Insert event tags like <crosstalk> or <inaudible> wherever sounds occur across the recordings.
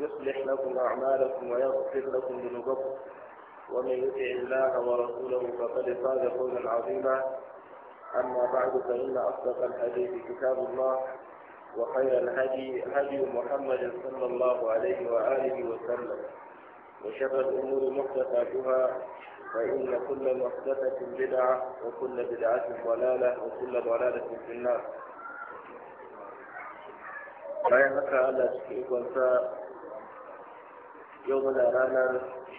يصلح لكم أعمالكم ويغفر لكم ذنوبكم ومن يطع الله ورسوله فقد فاز قولا عظيما أما بعد فإن أصدق الحديث كتاب الله وخير الهدي هدي محمد صلى الله عليه وآله وسلم وشر الأمور محدثاتها فإن كل محدثة بدعة وكل بدعة ضلالة وكل ضلالة في النار. لا ينفع على تشكيك يوم لا رانا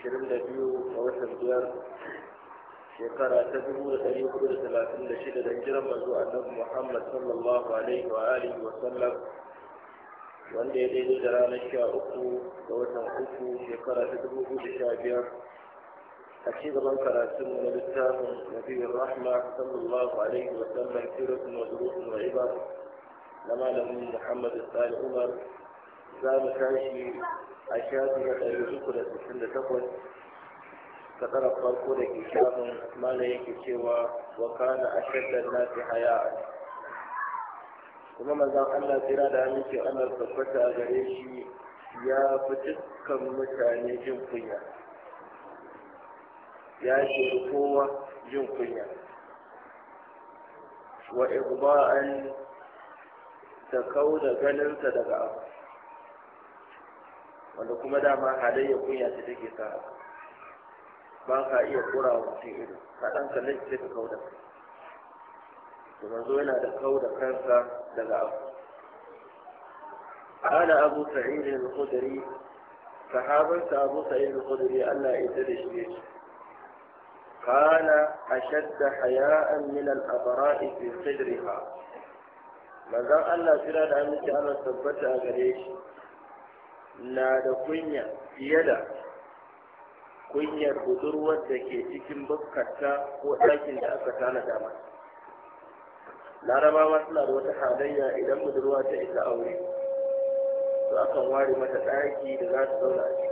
شرم لبيو ووحف ديار شكرا تدبو لتأيو قدر ثلاثين لشيدة دنجرة مزوع محمد صلى الله عليه وآله وسلم وان دي دي دران الشاء أكو ووحف أكو شكرا تدبو قدر شابير أشيد من كراسم من الإسلام نبي الرحمة صلى الله عليه وسلم سيرة ودروس وعبر لما لم محمد الثالث عمر za mu tashi a shafi na ɗari uku da sittin da takwas kasarar farko da ke shafin yake cewa wa kana ashaddan nasi haya'a kuma manzon Allah tsira da aminci Allah tabbata gare shi ya fi dukkan mutane jin kunya ya shiri kowa jin kunya wa igba'an da kau da ganinsa daga abu wanda kuma dama halayya kunya ce take sa ba ka iya kura wa mutum ido ka kaɗan ka lake ka kauda to manzo yana da kauda kansa daga abu قال أبو سعيد الخدري صحابة أبو سعيد الخدري ألا يدرش ليش قال أشد حياء من الأبراء في صدرها manzon Allah kira da aminci ana tabbata a gare shi na da kunya fiye da kunyar budurwar da ke cikin bukata ko ɗakin da aka tanada mata larabawa suna da wata halayya idan budurwa ta isa aure to akan ware mata ɗaki da za ta zauna a ciki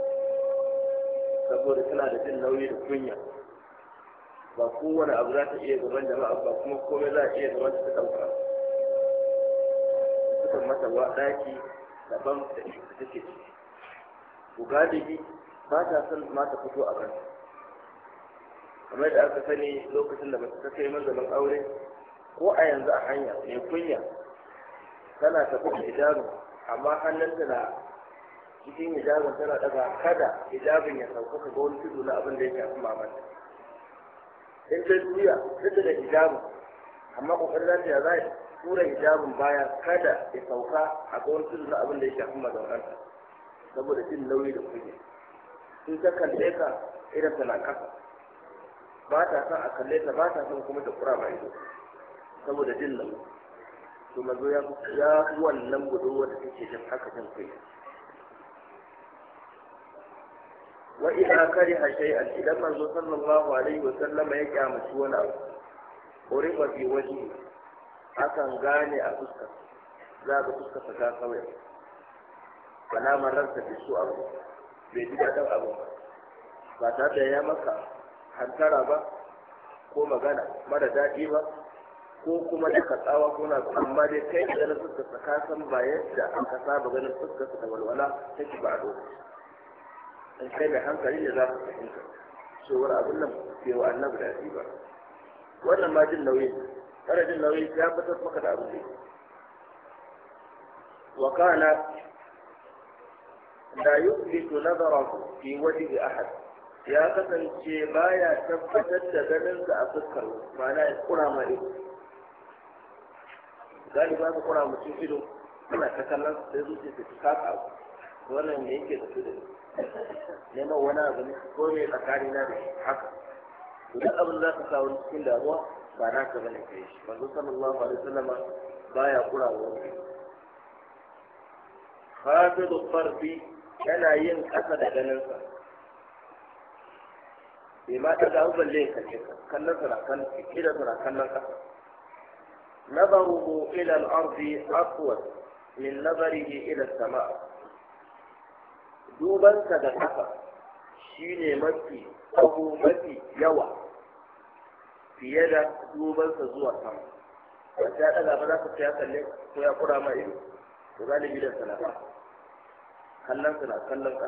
saboda tana da jin nauyi da kunya ba kowane abu za ta iya gaban jama'a ba kuma komai za a iya gaban ta ɗauka sukan mata wa ɗaki daban da take ciki to galibi ba ta son ma ta fito a kan kamar da aka sani lokacin da mace ta kai manzalin aure ko a yanzu a hanya mai kunya tana tafi da hijabu amma hannunta na cikin hijabun tana daga kada hijabun ya sauka ka ga wani tudu na abin da ya shafi mamanta in ta juya duk da hijabun amma kokarin za ta ya za tura hijabun baya kada ya sauka a ga wani tudu na abin da ya shafi mazaunanta saboda jin nauyi da kunya in ta kalle ka idan tana kasa ba ta san a kalle ta ba ta san kuma ta kura ba ido saboda jin nauyi to mazo ya ya wannan budurwa da take jin haka jin kunya wa kare kariha shay'an idan manzo sallallahu alaihi wa sallama ya kyamaci wani abu ba bi wajhi akan gane a fuskar za ka fuskar ta kawai kalamar ransa bai so abu bai ji daɗin abu ba tare da ya maka hantara ba ko magana mara daɗi ba ko kuma da tsawa ko na amma dai kai da ganin suka saka san ba yadda aka saba ganin fuska da walwala take ba a lokaci in kai da hankali ne za ka fahimta wani abin nan bai wa annabi daɗi ba wannan ma jin nauyi ƙara jin nauyi ya fitar maka da abu ne wa kana la yuflitu nazarahu fi wajhi ahad ya kasance baya tabbatar da ganin ka a fuskar ma'ana ya kura ma ido galiba ka kura mutum ido Kana ta kallon sai zuciya ta ka wannan ne yake tafi da neman wani abu ne ko ne tsakani na da haka to duk abin za ka kawo wani cikin damuwa ba na ka bane kai shi manzo sallallahu alaihi wasallama baya kura wa wani fatidu farbi yana yin ƙasa da ganinsa bai ma ta ga balle ya kalle kallon sa na kallon idan sa na kallon ƙasa nazaruhu ila al-ardi aqwa min nazarihi ila as-sama' dubansa da ƙasa shine mafi abu mafi yawa fiye da dubansa zuwa sama wata ya ɗaga ba za ka ya kalle ko ya kura ma ido to galibi da sana'a kallon na kallon ka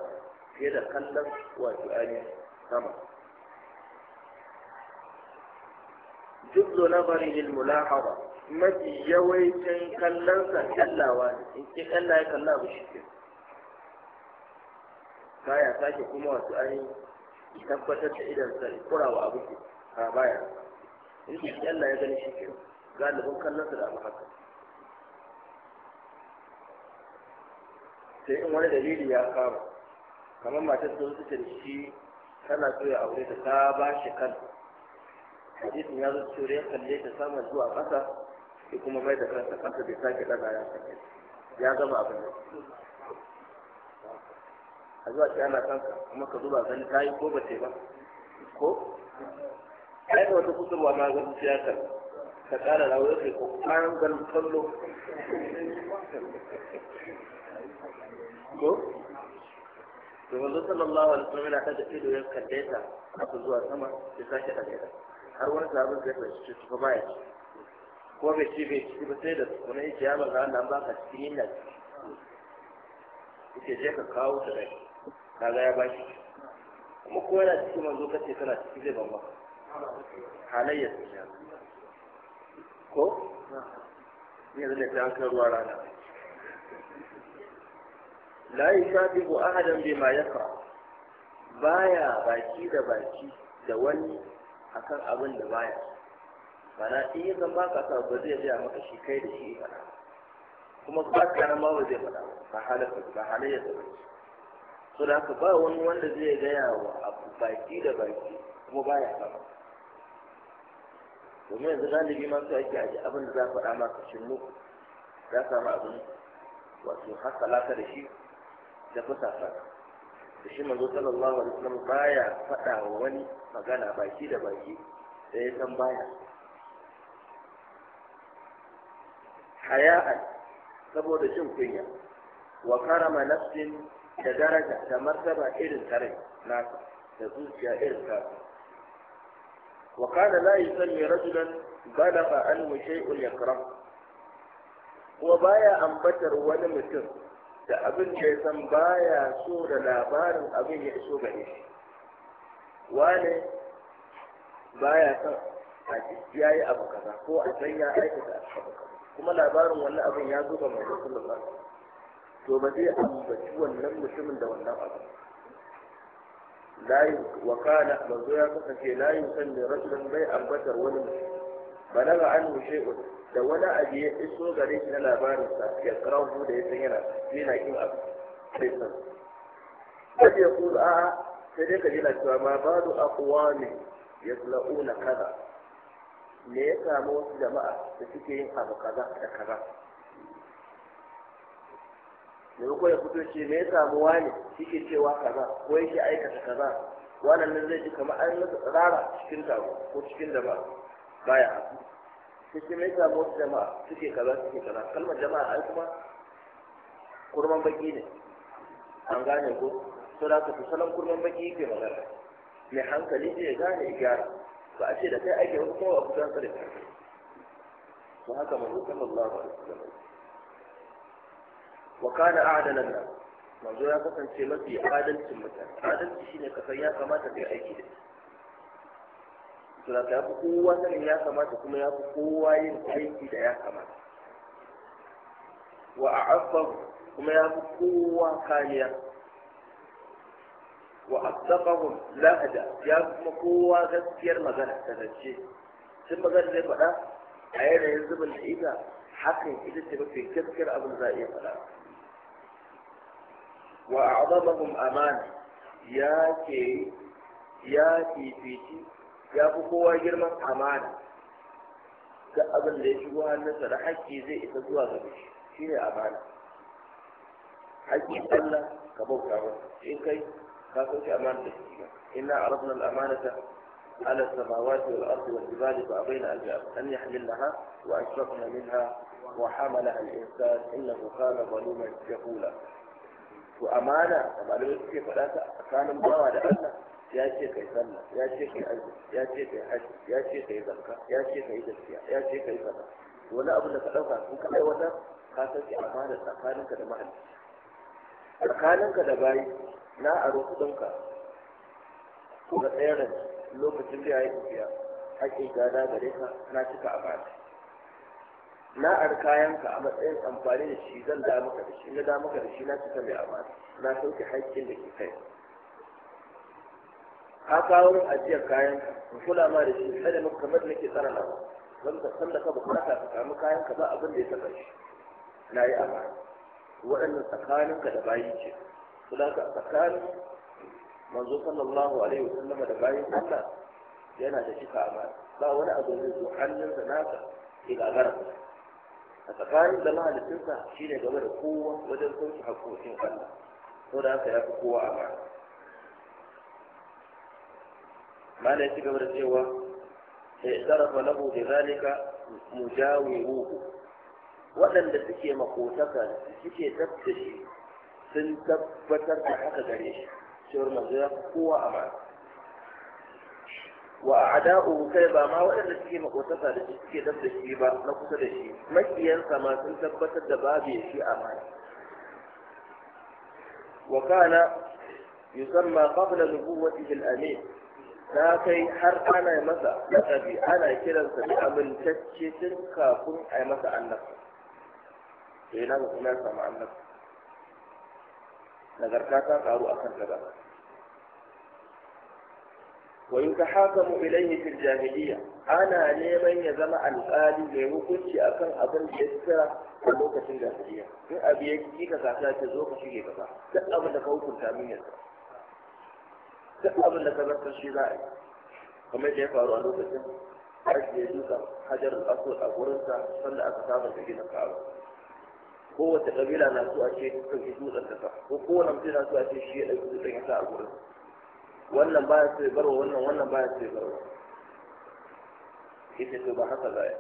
fiye da kallon wato ainihin sama Duk jublo na barihil mulahaba mafi yawancin kallonsa kallawa ne in ki kalla ya kalla abu shi ke kaya sake kuma wasu ainihin tabbatar da idan sa kurawa abu ke a baya in ki kalla ya gani shi ke galibin kallonsa da abu haka sai in wani dalili ya kama kamar matar sun su da shi tana so ya aure ta ta ba shi kan hadisin ya zo cewa ya kalle ta samun zuwa ƙasa ya kuma mai da kansa ƙasa bai sake ɗaga ya sake ya gama abin da a zuwa ta yana kanka kuma ka zuba gani ta yi ko ba ce ba ko ai da wata kusurwa ma ga siyasar ka ƙara da da ko kayan ganin kallo ko to wanzu sallallahu alaihi wasallam yana kada ido ya kalle ta aka zuwa sama ya sake da ta har wani sabon zai fahimci su ba ya ci ko bai ci bai ci ba sai da wani yake ya maza Allah ba ka cikin yin nan yake je ka kawo ta rai kaga ya bashi kuma ko yana cikin manzo kace kana cikin zai ban ba halayyar ta ko yanzu ne ta hankali ruwa rana la yusabiqu ahadan bima yaqra baya baki da baki da wani akan abin da baya Bana in yi zan baka sa ba zai gaya maka shi kai da shi fada kuma ba ka nan ma ba zai fada ba halaka ba halayya da baki so da haka ba wani wanda zai gaya wa abu baki da baki kuma baya sa domin yanzu galibi ma su ake aji abin da za a faɗa maka shinnu za samu abin wato haka ka da shi da fasafa da shi manzo sallallahu alaihi wasallam baya faɗa wa wani magana baki da baki da ya san baya haya'an saboda jin kunya wa karama nafsin da daraja da martaba irin tare nasa da zuciya irin tasa وقال لا يسمي رجلا بلغ عنه شيء يكره kuma baya ambatar wani mutum da abin da ya san baya so da labarin abin ya iso gare shi wane baya son a ya yi abu kaza ko a san ya aikata abu kaza kuma labarin wannan abin ya zo ga mai rasulullah to ba zai ambaci wannan mutumin da wannan abu layi wa kana manzo ya kasance layi sallin rasulun bai ambatar wani balaga an mushe da wani abu ya iso gare shi na labarinsa ya karahu da ya san yana yana kin abu sai san sai ya kula a sai dai ka jina cewa ma ba badu aqwami yasla'una kaza me ya samu wasu jama'a da suke yin abu kaza da kaza ko ya fito ce me ya samu wani yake cewa kaza ko yake aikata kaza wannan nan zai ji kamar an yi tsara cikin taro ko cikin ba baya haku sai ce me ya samu wasu jama'a suke kaza suke kaza kalmar jama'a ai kuma kurman baki ne an gane ko to da ka salon kurman baki yake magana mai hankali ya gane ya gyara ba a ce da kai ake wasu kowa kusan sa da kai to haka manzo sallallahu alaihi wasallam wa kana a'dalan nas manzo ya kasance mafi adalcin mutane adalci shine ka san ya kamata kai aiki da sura ya fi kowa sanin ya kamata kuma ya fi kowa yin aiki da ya kamata wa a'affa kuma ya fi kowa kariya wa asdaqahum lahda ya kuma kowa gaskiyar magana ta zance sun magana zai faɗa a yanayin zubin da ita hakan ita ce mafi gaskiyar abin za a iya faɗa وأعظمهم أمانة يا كي يا تيفيتي يا بقوة جرمة أمانة كأبن ليش هو الناس حكي زي إتدوا غبش شيء أمانة حكي الله كبوك أمانة إن إيه كي كافوك أمانة إنا عرضنا الأمانة على السماوات والأرض والجبال فأبين أن يحملنها وأشفقن منها وحملها الإنسان إنه كان ظلوما جهولا to amana da malamai suke faɗa ta tsakanin bawa da Allah ya ce kai sallah ya ce kai aji ya ce kai hajji ya ce kai zakka ya ce kai gaskiya ya ce kai kaza wani abu da ka ɗauka sun ka aiwatar ka san ki amana tsakaninka da mahalli tsakaninka da bayi na aro kuɗinka ko ga tsayar lokacin da ya yi tafiya haƙƙin gada gare ka na cika amana na ar kayanka a matsayin amfani da shi zan da maka da shi na da maka da shi na cika mai amana na sauke haƙƙin da ke kai ka kawo min ajiyar kayan ka kula ma da shi sai da muka kamar nake tsara nawa zan ka san da ka bukata ka samu kayan ka ba abin da ya saka shi na yi amana waɗannan tsakaninka da bayi ce kula ka tsakanin manzo sallallahu alaihi wa sallama, da bayin Allah yana da shi ka amana ba wani abu zai zo hannunsa naka ke gagara a tsakanin da mahalicinsa shi ne game da kowa wajen sauki haƙoƙin Allah ko da haka ya fi kowa a mara mana ya ci gaba da cewa sai sarrafa lahu da zalika ruhu waɗanda suke makotaka suke tabbashi sun tabbatar da haka gare shi cewar manzo ya fi kowa a mara wa a'da'uhu kai ba ma waɗanda suke makotaka da suke dab da shi ba na kusa da shi makiyansa ma sun tabbatar da babu ya shi a ma wa kana yusamma qabla nubuwwatihi al-amin ta kai har ana masa laqabi ana kiransa da amintacce tun kafin a yi masa annabta. to yana ga kuma sama annabi nagarta ta karu akan ta gaba wa yutahakamu ilayhi fil jahiliya ana neman ya zama alƙali mai hukunci akan abin da ya tsira a lokacin jahiliya in abu ya ki ka kasa ta zo ka shige gaba duk abin da ka hukunta min ya tsira duk abin da ka zartar shi za a yi kamar da ya faru a lokacin aiki ya duka hajar al'asur a gurinsa sannan aka saba da gina ka'aba kowace ƙabila na so a ce ta ɗauki dutsen ta ko kowane mutum na so a ce shi ya ɗauki dutsen ya a gurinsa wannan baya so ya barwa wannan wannan baya so ya barwa ita to ba haka baya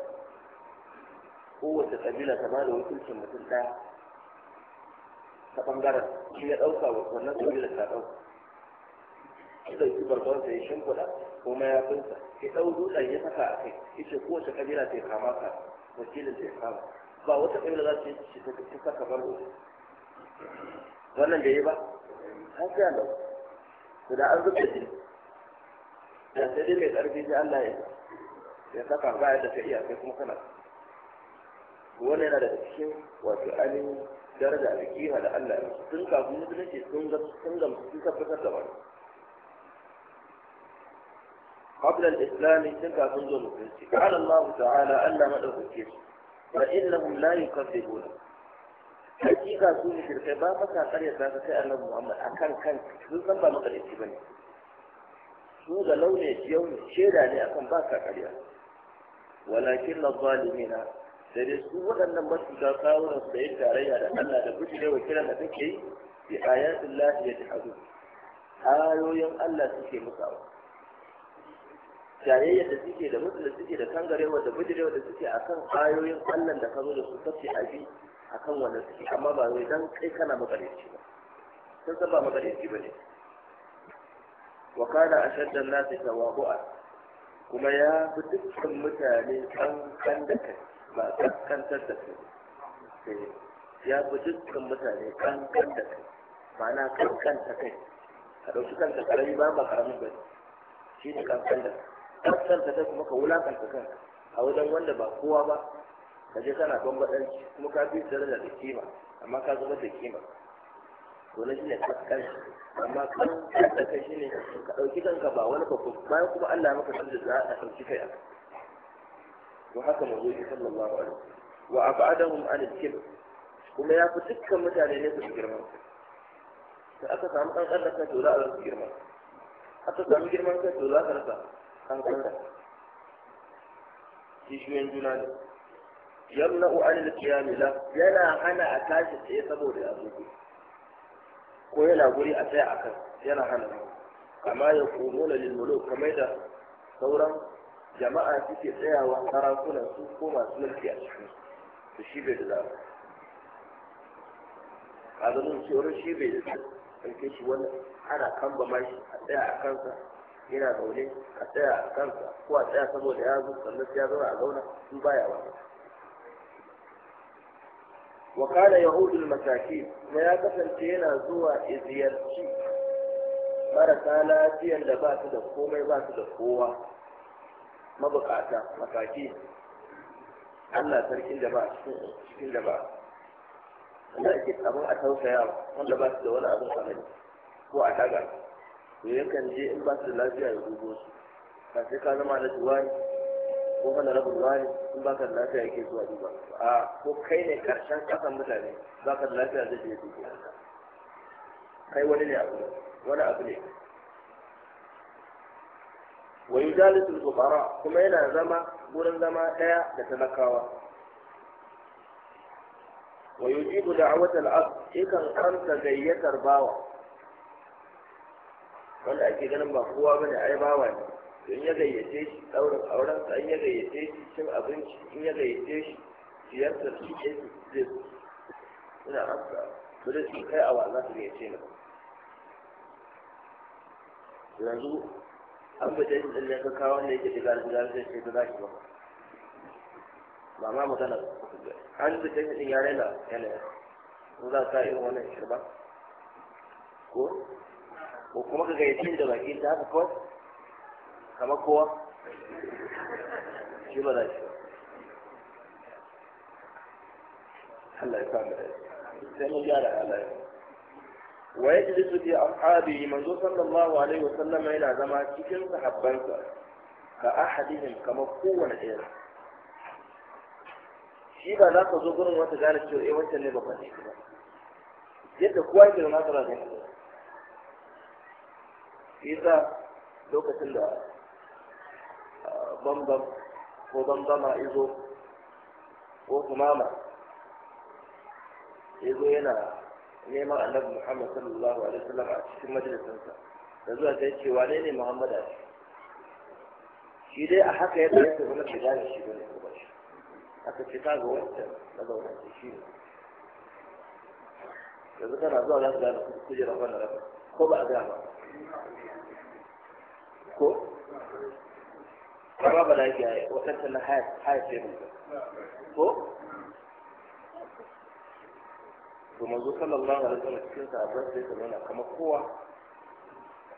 kowace kabila ta ba da wakilcin mutum ɗaya ta ɓangaren shi ya ɗauka wa wannan kabila ta ɗauka ya ɗauki barbansa ya shimfiɗa ko mayafinsa ya ɗau dutsen ya saka a kai ita kowace kabila ta yi kama ka wakilin ta yi kama ba wata kabila za ta yi ta saka barbo wannan da ya ba an sai a ɗauka to da an zuba shi da sai dai mai tsarki sai Allah ya ya saka ba yadda ka iya sai kuma kana wannan yana daga cikin wato alin daraja da kima da Allah ya sun kafin musulunci sun ga sun ga sun tabbatar da wani قبل الإسلام تلك تنظر في قال الله تعالى ألا مدعو فإنهم لا يكذبونك hakika su ne shirkai ba masa karya za ka kai annabi muhammad a kan kan sun san ba makarici ba ne su da launi yau ne shaida ne akan ba ka karya walakin na zalimina da dai su waɗannan masuka kawunan su da yin tarayya da allah da gudu wa kiran da kake yi bi ayatin lafiya da jihadu ayoyin allah suke musawa jayayyar da suke da mutu da suke da kangarewa da bujirewa da suke akan ayoyin allah da ka zo da su tafi abi akan wannan suke amma ba wai dan kai kana makareci ba sun san ba makareci ba ne wa kana ashaddan nasi tawadu'a kuma ya fi dukkan mutane kankan da kai ba kankantar da kai eh, ya fi dukkan mutane kankan da kai ma'ana kankan ta kai ka ɗauki kanta karami ba ba karamin ba shi ne kankan da kankan ta kai kuma ka wulakanta kanka a wajen wanda ba kowa ba ka je kana bambadanci kuma ka bi daraja da kima amma ka zama da kima to na shine kaskan amma kan da kai shine ka dauki kanka ba wani babban bayan kuma Allah ya maka sanda za a dauki kai aka to haka yi sallallahu alaihi wa abadahum an al kuma ya fi dukkan mutane ne su girma. da aka samu kankan da kai to za a rasa girma. aka samu girman kai to za ka rasa kankan da kishiyoyin juna ne yamna'u anil qiyami la yana hana a tashi tsaye saboda ya zo ko yana guri a tsaya akan yana hana amma ya kumuna lil muluk kamar da sauran jama'a suke tsayawa sarakunan su ko masu mulki a cikin su shi bai da za a kazanin tsoron shi bai da zama ɗauke shi wani ana kamba mashi a tsaya a kansa yana zaune a tsaya a kansa ko a tsaya saboda ya zo sannan ya zauna a zauna su baya wani wa kana yahudul masakin kuma ya kasance yana zuwa iziyarci marasa lafiyan da ba su da komai ba su da kowa mabukata masaki Allah sarkin da ba cikin da ba wanda ake abin a tausaya wanda ba su da wani abin kamar ko a daga to yakan je in ba su da lafiya ya dubo su ba ka zama da duwani ko mana rabin wani in baka da lafiya yake zuwa duba a ko kai ne karshen kasan mutane baka da lafiya zai je duba kai wani ne abu wani abu ne wa al fuqara kuma yana zama gurin zama daya da talakawa wa yujibu al-aqd yakan amsa gayyatar bawa wanda ake ganin ba kowa bane ai bawa ne in ya gayyace shi ɗaurin auren sa in ya gayyace shi cin abinci in ya gayyace shi siyarsa shi ne zai suna amsa ba da su kai a wannan su gayyace ni yanzu an fita shi ɗin ya kawo wanda yake shiga da shiga da ce da za shi ba ba ma magana an fita shi ɗin ya raina yanayin ko za ka irin wannan shirba ko ko kuma ka gayyace da baki ta haka kawai kama kowa shi ba za shi Allah da sai mun gyara wa ya fi manzo sallallahu alaihi wa sallam yana zama cikin sahabbansa ka ahadihim kama kowane ɗaya shi ba za ka zo gurin wata gane cewa eh wancan ne babban shi ba yadda kowa yake da nasa rajin shi yasa lokacin da bambam ko bambama izo ko kumama izo yana neman annabi muhammad sallallahu alaihi wasallam a cikin majalisinsa da zuwa ta ce wane ne muhammad a shi dai a haka yadda yake tafi na shiga shi bane ko ba shi aka ce ka ga wancan na zauna ce shi ne yanzu kana zuwa za ka gane kujera wannan rafa ko ba a gaya ba ko ba babu lafiya waɗancan na haya ce ko to manzo sallallahu alaihi wasallam cikin sahabbai sai ka zauna kamar kowa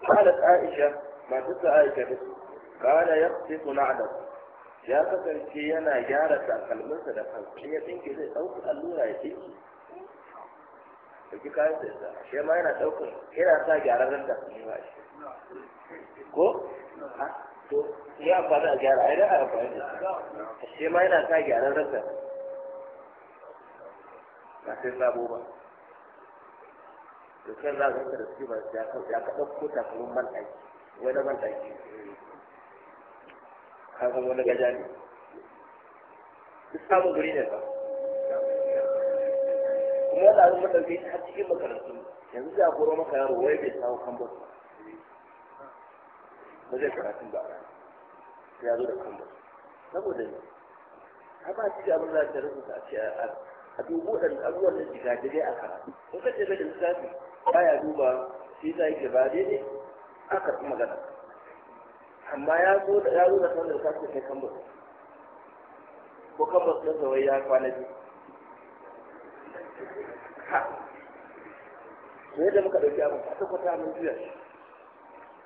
qalat aisha matar da aisha ta qala yaqtisu na'da ya kasance yana gyara takalminsa da kansa ya tsinke zai ɗauki allura ya tsinke da ki kayan sa yasa shi ma yana ɗaukar yana sa gyararren takalmi ba shi ko to ya amfani a gyara ai da a amfani shi ma yana sa gyaran rasa ba sai sabo ba to kan za ka ga da su ba ya ka ya ka dauko takalmin man daki wani man daki ka ga wani gaja ne duk samun guri ne ba kuma wani abin madauke a cikin makarantu yanzu za a maka yaro wai bai samu kambas ba ba zai karatun ba a rana ya zo da kamba saboda ne har ba ci abin da ta rubuta a ce a dubu ɗan abubuwan da shiga da dai a karatu ko ka ce da lissafi Ba ya duba shi ta yi ba daidai a karɓi magana amma ya zo da ya zo da kan lissafi kai kamba ko kamba na zawai ya kwana biyu ha ne da muka ɗauki abin kwata-kwata mun juya shi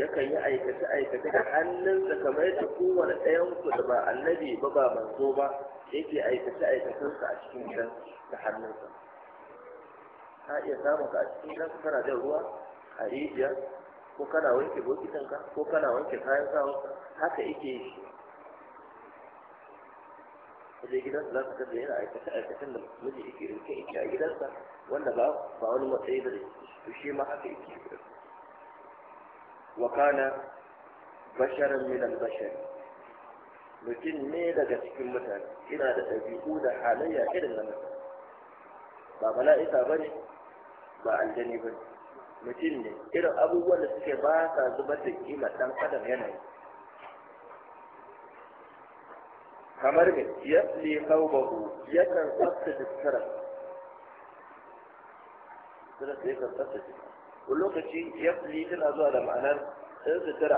yakan yi aikace aikace da hannunsa kamar yadda kowane ɗayan ku da ba annabi ba ba manzo ba yake aikace aikacensa a cikin gidan da hannunsa ka iya samun ka a cikin gidanka kana jan ruwa a rijiya ko kana wanke bokitanka ko kana wanke kayan sawanka haka yake yi shi kaje gidansa za ka kaje yana aikace aikacen da miji yake rinke yake a gidansa wanda ba wani matsayi da shi ma haka yake gidansa وكان بشرا من البشر mutum ne daga cikin mutane ina da ɗabi'u da halayya irin na mutane ba mala'ika ba ne ba aljani ba mutum ne irin abubuwan da suke ba sa zubar da kima ɗan adam yanayi kamar me ya tsile yakan tsaftace wani lokaci yafli tana zuwa da ma'anar in sutura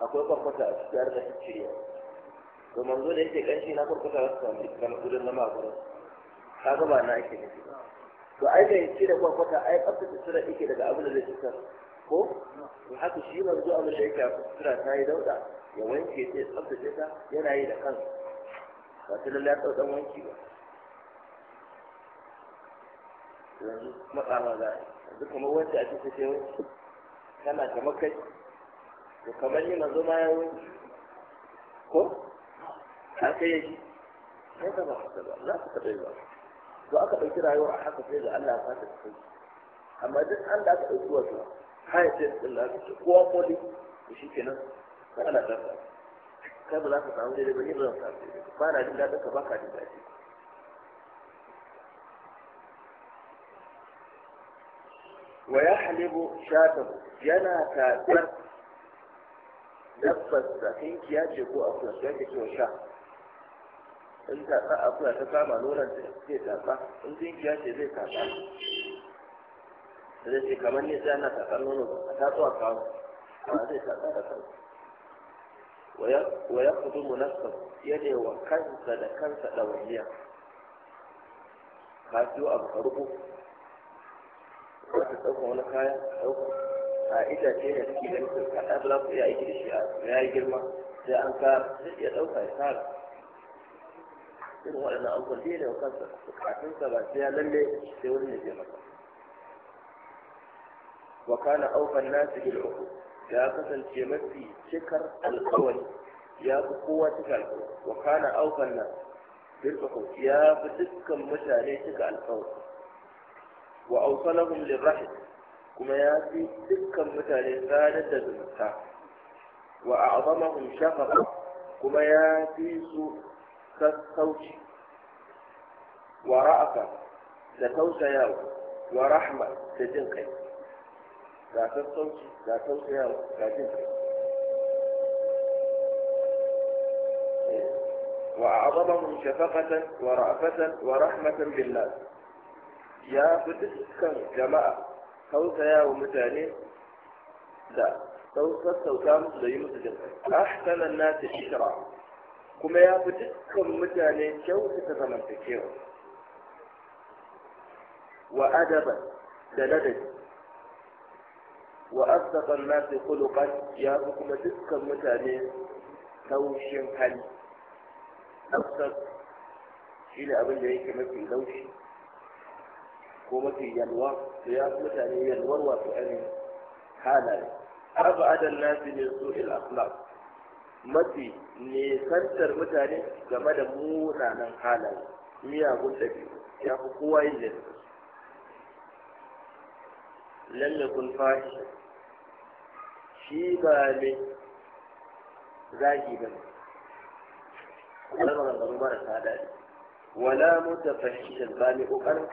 akwai kwarkwata a cikin harkar shirya to manzo da yake kanshi na kwarkwata wasu samu ikram gudun zama na gurin ka gaba na ake nufi to ai mai ci da kwarkwata ai tsafta sutura yake daga abin da zai cutar ko to haka shi manzo abin da yake a sutura ta yi dauda ya wanke sai tsabtace ta yana yi da kansa ba ta lallai ya tsau dan wanki ba yanzu matsawa za a yi yanzu kamar wacce ake ta ce tana kamar kai to kamar yi manzo ma ya wuce. ko an kai yaki sai ka ba ka ba za ka taɓa ba to aka ɗauki rayuwa a haka sai da Allah ya fata ta kai amma duk an da aka ɗauki wato haya ce da Allah ya ko koli to shi kenan ka ana ta kai ba za ka samu daidai ba ni ba zan samu daidai ba na jin daɗin ka ba ka jin daɗi Waya ya halibu yana tatsar dabbarsa tinkiya ce ko akuya sai ake cewa sha in tatsa akuya ta kama nonon ta zai tatsa in tinkiya ce zai tatsa zai kamar ne sai ana a a kawo ba wa ya da kansa ɗawainiya ka siyo abu ta ɗauka wani kaya ɗauka a itace ne suke da mutum a ɗan za ku iya aiki da shi a ya yi girma sai an ka zai iya ɗauka ya kara irin waɗannan abubuwan da ya da kansa bukatunsa ba sai ya lalle sai wani ya je masa wa kana aukan nasu bil uku ya kasance mafi cikar alƙawari ya fi kowa cika alƙawari wa kana aukan nasu bil uku ya fi dukkan mutane cika alƙawari وأوصلهم للرحم كما يأتي تلك المثال الثالة للمكة وأعظمهم شفقة كما يأتي سوش ورأفة لتوش ورحمة لتنقي إيه. وأعظمهم شفقة ورأفة ورحمة بالله ya fi dukkan jama'a tausaya wa mutane da sassauta musu da yi musu jama'a ahsanan nasi shikra kuma ya fi dukkan mutane ta zamantakewa wa adaba da ladabi wa asdaqan nasi khuluqan ya fi kuma dukkan mutane taushin hali asdaq shi ne abin da yake mafi laushi ko mafi yalwa su ya fi mutane yalwar wato ainihin halaye abu adan nasi ne su il akhlaq mafi nesantar mutane game da munanan halaye miyagun ɗabi'u ya fi kowa yin da lam kun fashi. shi ba ne zagi ba ne kalmar gaba marasa daɗi wala Fashi, ba mai kokarin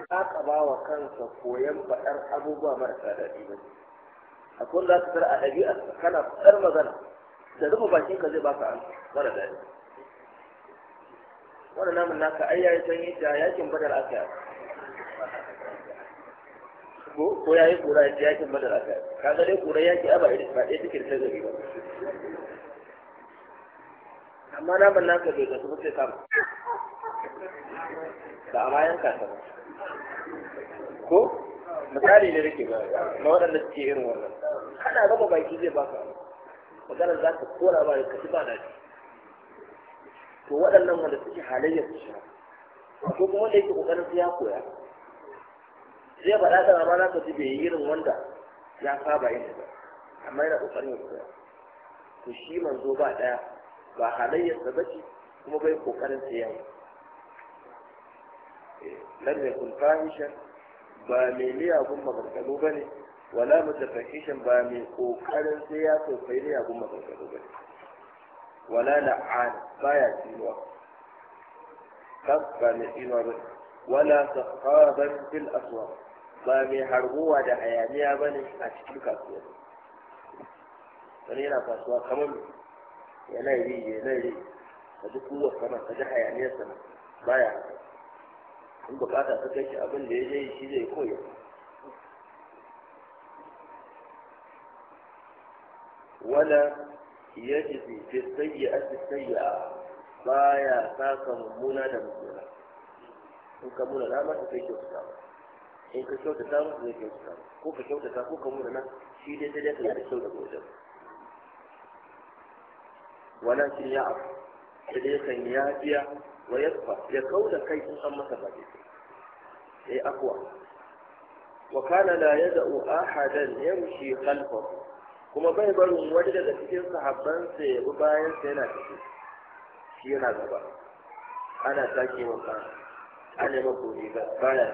ba wa kansa koyan faɗar abubuwa marasa daɗi ba akwai za ka tara a ɗabi'ar kana faɗar magana da rufe bakin ka zai baka an mara daɗi wannan namun naka ai yayi sanyi da yakin badar aka yi ko ko yayi kura da yakin badar aka yi ga dai kura yaki aba irin ba ɗaya take da zabi ba amma namun naka bai zato su sai kama Da a yanka ta ba ko misali ne rike ba na waɗanda suke irin wannan kana gaba baki zai baka magana za ka kora ba ka ci ba daɗi to waɗannan wanda suke halayyar su sha ko kuma wanda yake ƙoƙarin su ya koya zai faɗa da amma za ka ji bai yi irin wanda ya saba yin ba amma yana ƙoƙarin ya koya to shi manzo ba ɗaya ba halayyar sa ce kuma bai ƙoƙarin sa yawa لم يكن فاحشا باميلي أبوما بركبوبا ولا متفحشا بامي أوكالا سياسة فيلي أبوما بركبوبا ولا لعان بايا سينوا تبقى نسينوا ولا سخابا في الأسواق بامي هربوا على حياني أبني أشكلك أسواق سنينا فأسواق كمان يا نايري يا نايري فدكوا كمان فدحا يعني يا سنة بايا حربوا in bukata ta kai shi abin da ya je shi zai koya wala yajibi fi sayyi'ati sayyi'a baya saka mummuna da mummuna in ka muna na masa kai kyautata in ka kyautata masa zai kyautata ko ka kyautata ko ka muna na shi dai sai dai ka da kyau daga wajen walakin ya abu sai dai kan ya biya wa yasfa ya kauna kai in an masa ba sai eh, akwa wa kana la yad'u ahadan yamshi khalfahu kuma bai barin wani daga cikin sahabbansa ya bi bayansa yana tafi shi yana gaba ana sake wa ba ana mako riga baya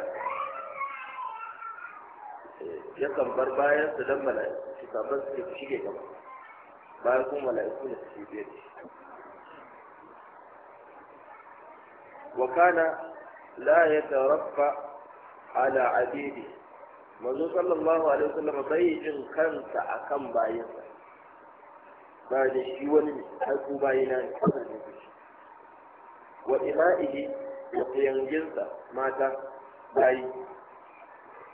eh, kan bar bayansa don mala'iku su sahabbansa ke shige gaba bayan kuma mala'iku ne su shige shi وكان لا يترفع على عبيده manzo sallallahu الله عليه وسلم jin akan bayansa ba shi wani ai ko bayina ne kana ne shi wa ima'ihi da kuyanginsa mata bayi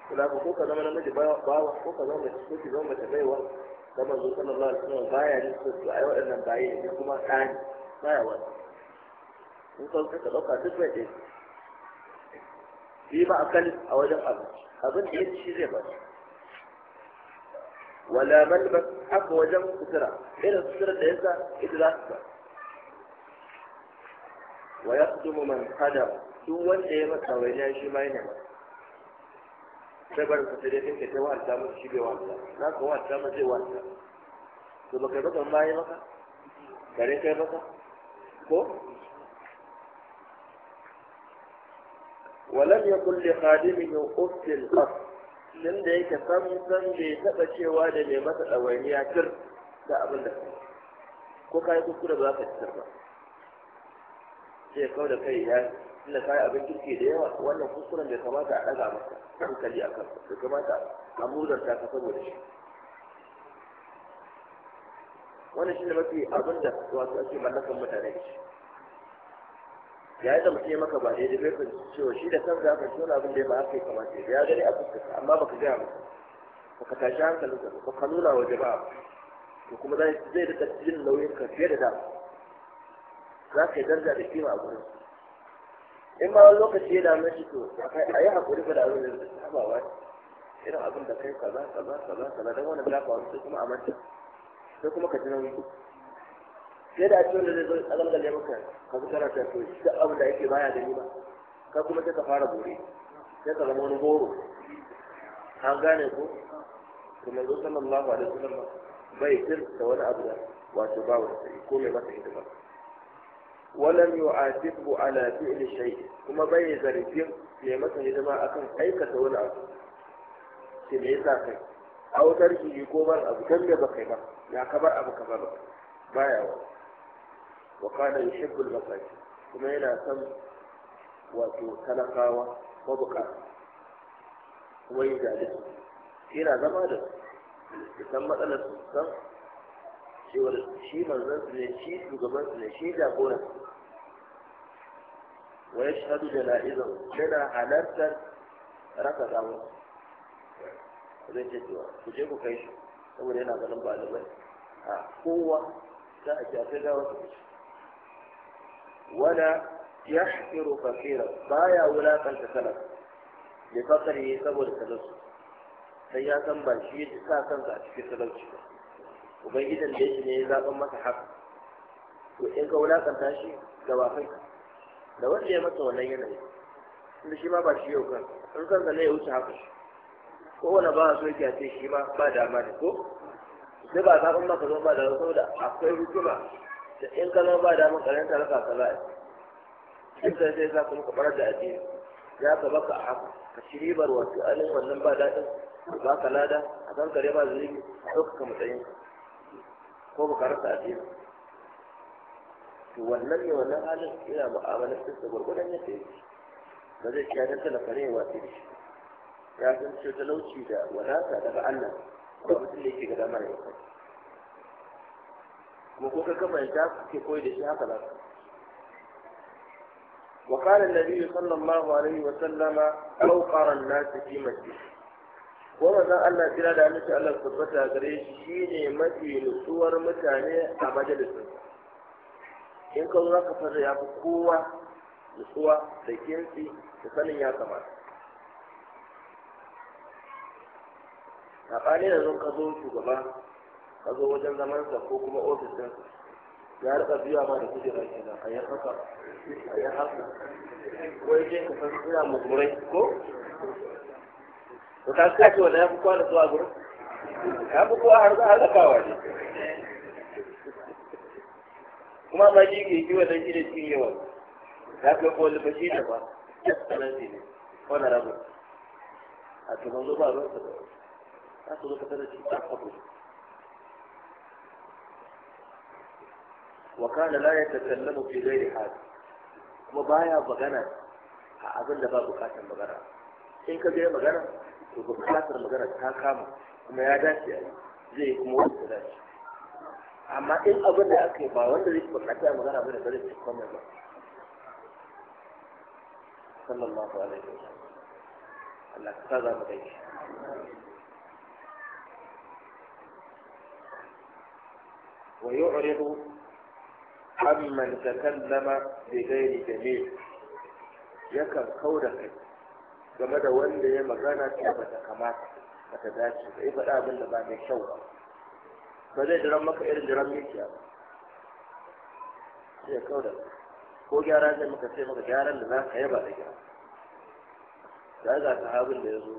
ko ka zama ko ka zama ko ki zama mace baiwa da manzo sallallahu alaihi wasallam baya waɗannan a ne kuma ɗani baya in ka ka ɗauka duk mai ɗaya shi ba akali a wajen abu abin da yake shi zai bari wala malbas haka wajen sutura irin sutura da yasa ita za su ba wa ya yaqdumu man qadara duk wanda ya masa wani shi ma yana masa sai bar ka sai dai kai ta wa'alta masa shi bai wa'alta na ka wa'alta masa zai wa'alta to baka baka ma yi maka kare kai maka ko ولم يكن لخادمه أف الأصل nan da yake san san bai taɓa cewa da mai masa ɗawainiya tir da abin da kai ko kayi kuskure ba ka ci ba sai kawai da kai ya tunda kayi abin kirki da yawa wannan kukuran bai kamata a ɗaga masa hankali a kansa bai kamata a mudarta ka saboda shi wannan shi ne mafi abin da wasu ake mallakan mutane ya da mutum maka ba daidai bai kan cewa shi da kansa ya fahimci wani abin da ya ba haka ya kamata ya gani a fuskarsa amma baka gaya Ba baka tashi hankalinsa baka nuna waje ba? to kuma zai da jin nauyin ka fiye da da za ka yi daraja da kima a gurin in ma wani lokaci ya dame shi to a yi haƙuri da abin da zai haɓawa irin abin da kai kaza kaza kaza kaza don wani zafa wasu kuma a manta sai kuma ka ji nauyi sai da ciwon da zai zo a gangale maka ka fi karanta to duk abin da yake baya gani ba ka kuma sai ka fara bore sai ka zama wani goro an gane ko to manzo sallallahu alaihi wasallam bai tir da wani abu da wato ba wani sai ko mai masa hidima ولم يعاتبه على فعل شيء kuma bai zargin mai masa hidima akan aikata wani abu sai me yasa kai autar ki ko bar abu kan ba kai ba ya kabar abu kabar baya wani wa kana yuhibbul masakin kuma yana son wato talakawa mabukata kuma yin jalisu yana zama da su san matsalar su san cewar shi manzon su ne shi shugaban su ne shi jagoran wa yashhadu janaizan yana halartar raka zamu zai ce cewa ku je ku kai shi saboda yana ganin ba a kowa za a ji a kai gawa su wala yahqiru fakira baya wulakanta talaka da fakari saboda talaka sai ya san shi ya sa kansa a cikin talauci ba ubangidan da yake ne ya zaɓan masa haka to in ka wulakanta shi ga wafai da wanda ya masa wannan yanayi tunda shi ba shi yau kan in kansa ne ya wuce haka shi kowane ba so yake a ce shi ba dama ne ko sai ba zaɓan masa zama ba da saboda akwai hukuma in ka zama ba mun karanta raka ka in sai sai za ka muka bar da addini za ka baka a haka ka shiri bar wasu alin wannan ba daɗin ba ka lada a kan kare ba zunubi a ɗaukaka matsayin ko ba ka rasa addini to wannan ne wannan halin ina mu'amalar da gwargwadon yadda yake ba zai kiyaye don talaka ne wa da shi ya san ce talauci da wadata daga Allah ba mutum da yake ga damar kai kuma ko kai ka fahimta ke koyi da shi haka za ka وقال النبي صلى الله عليه وسلم أوقر الناس في wa zan Allah jira da annabi Allah tabbata gare shi shine mafi nutsuwar mutane a majalisin in ka zo ka fara ya kowa nutsuwa da kinsi da sanin ya kamata saɓani da zo ka zo shugaba ka zo wajen sa ko kuma ofis ɗinsa ya rika biya ma da kujera ke da yi haka a haka ko ya je ka san suna murmurai ko to ka sa ce wannan ya fi kwana zuwa gurin ya fi kowa har har da kawa ne kuma ba ji ke yi wannan shi da shi yawa ya fi kowa da shi da ba sanan ne ne na rabu a tuban zuba ruwansa da wani za su zo ka tana cikin abu وكان لا يتكلم في غير حال وبايا بايا بغنا أبن لبا بكاتا بغنا إن كبير مغنى بكاتا مغنى تها كاما كما يادات يعني زي كموت سلاش أما إن أبن لأكي باوان لديك بكاتا مغنى أبن لديك تكون يبا صلى الله عليه وسلم الله كفاظا مغيش ويعرض amman takallama bi da dalil yakan kauda kai game da wanda ya magana ta bata kamata ba ta dace ba ya faɗa abin da ba mai kyau ba ba zai jiran maka irin jiran mikiya ba sai ya kauda ko gyara zai maka sai maka gyaran da za ka yaba da gyara da ga sahabin da ya zo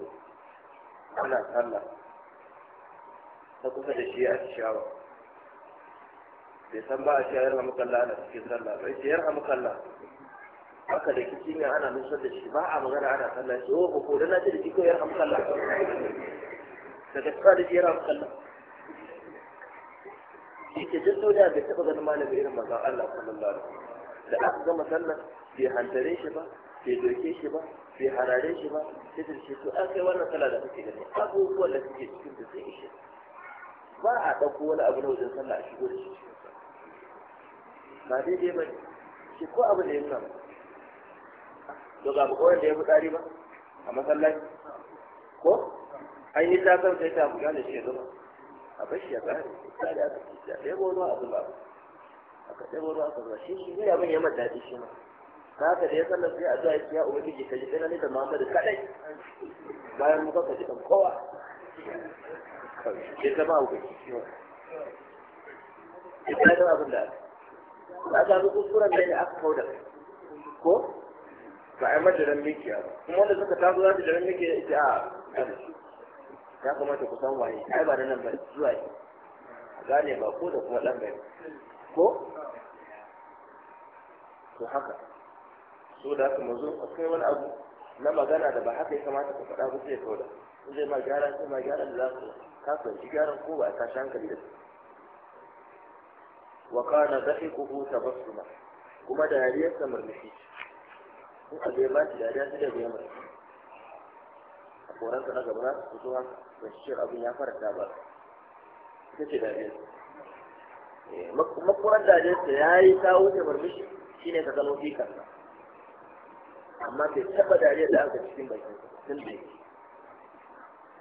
ana sallah ta kusa da shi a shawa bai san ba a ce yarha mukalla ana cikin sallah bai ce yarha mukalla haka da kici ne ana nusar da shi ba a magana ana sallah shi oh ko dan na ce da kiko yarha mukalla daga tsaka da yarha mukalla shi ke duk duniya bai taɓa ganin malami irin manzon Allah sallallahu alaihi wasallam da aka gama sallah bai hantare shi ba bai doke shi ba bai harare shi ba sai da shi to akai wannan sallah da kake gani abubuwan da kake cikin da sai ishe ba a ɗauko wani abu na wajen sallah a shigo da shi ba daidai ba shi ko abu da ya samu to ga buƙo wanda ya fi tsari ba a masallaci ko an yi ta san sai ta buga da shi ya zama a bashi ya tsari ta da aka ci ta ɗebo ruwa a zuba aka ɗebo ruwa aka zuba shi shi ne abin ya mata shi ma ta haka da ya sallar sai a zuwa ya ciya kaji ka na ɗana ne da muhammadu kaɗai bayan muka kaji ji ɗan kowa sai zama a ubangiji shi ba, ita ta abin da ka gano kuskuren da aka kau da kai ko ba a yi madaran mikiya ba kuma wanda suka taso za su daren mikiya ita a ya kamata ku san waye ai ba da nan ba zuwa yi a gane ba ko da kuma dan bai ko to haka so da haka mazo akwai wani abu na magana da ba haka ya kamata ka faɗa ba sai ya kauda zai ma gyara sai ma gyara da za ka ka fahimci gyaran ko ba a tashi hankali da su wa kana dhahikuhu tabassuma kuma dariyarsa murmushi in abu ya dariya sai da ya murmushi a koransa na gaba za su fito abin ya faranta ba ita ce dariyarsa eh, makuran dariyarsa ya yi ta wuce murmushi shine ka zama fikarsa amma bai taba dariyar da aka cikin bakin tun da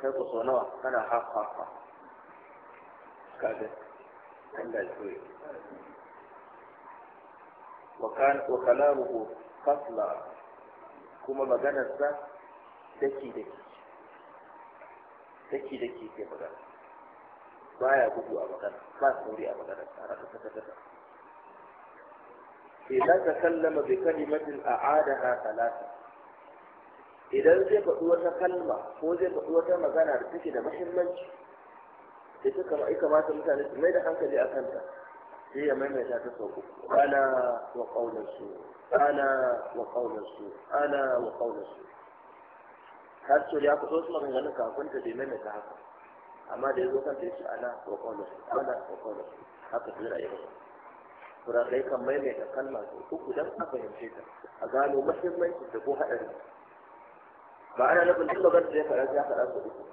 kai ku so nawa kana ha ha ha kaga عند وكان وكلامه فصلا daki daki ke magana baya a magana ba a ta idan ka kallama bi kalimatin a'adaha talata idan zai faɗi wata kalma ko zai wata magana da take da muhimmanci ita ta kama ya kamata mutane su mai da hankali a kanta sai ya maimaita ta sau uku ana wa ƙaunar su ala wa ƙaunar su wa ƙaunar su har so ya kusa su maganganun kafin ta bai maimaita haka amma da ya zo kanta ya ce ala wa ƙaunar su ala wa ƙaunar su haka su rayuwa kuraɗai kan maimaita kalma sau uku don a fahimce ta a gano muhimmanci da ko haɗari ba ana nufin duk magana da ya faɗa ya faɗa sau uku